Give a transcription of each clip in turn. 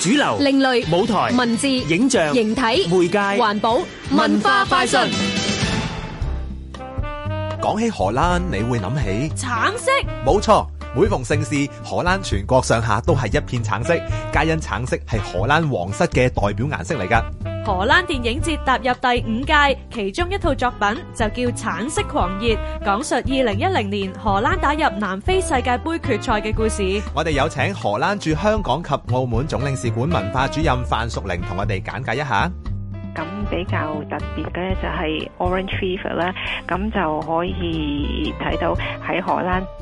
主流、另類、舞台、文字、影像、形體、媒介、環保、文化快訊。講起荷蘭，你會諗起橙色？冇錯，每逢盛事，荷蘭全國上下都係一片橙色，皆因橙色係荷蘭皇室嘅代表顏色嚟㗎。荷蘭電影節踏入第五屆，其中一套作品就叫《橙色狂熱》，講述二零一零年荷蘭打入南非世界杯決賽嘅故事。我哋有請荷蘭駐香港及澳門總領事館文化主任范淑玲同我哋簡介一下。咁比較特別嘅就係 Orange Fever 啦，咁就可以睇到喺荷蘭。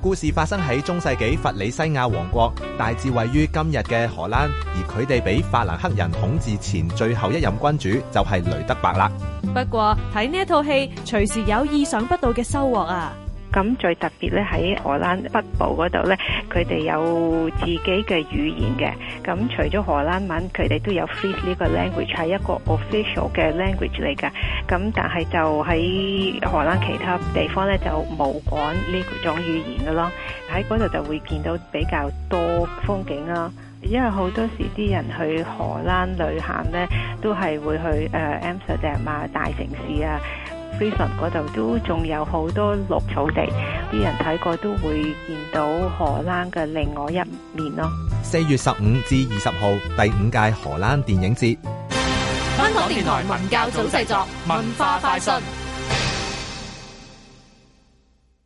故事發生喺中世紀佛里西亞王國，大致位於今日嘅荷蘭，而佢哋俾法蘭克人統治前最後一任君主就係雷德伯啦。不過睇呢一套戲，隨時有意想不到嘅收穫啊！咁最特別咧喺荷蘭北部嗰度咧，佢哋有自己嘅語言嘅。咁除咗荷蘭文，佢哋都有 f r e e 呢個 language 係一個 official 嘅 language 嚟㗎。咁但係就喺荷蘭其他地方咧就冇講呢個種語言㗎咯。喺嗰度就會見到比較多風景啦。因為好多時啲人去荷蘭旅行咧，都係會去、uh, Amsterdam 啊，大城市啊。非常嗰度都仲有好多綠草地，啲人睇過都會見到荷蘭嘅另外一面咯。四月十五至二十號，第五屆荷蘭電影節，香港電台文教組製作，文化快訊。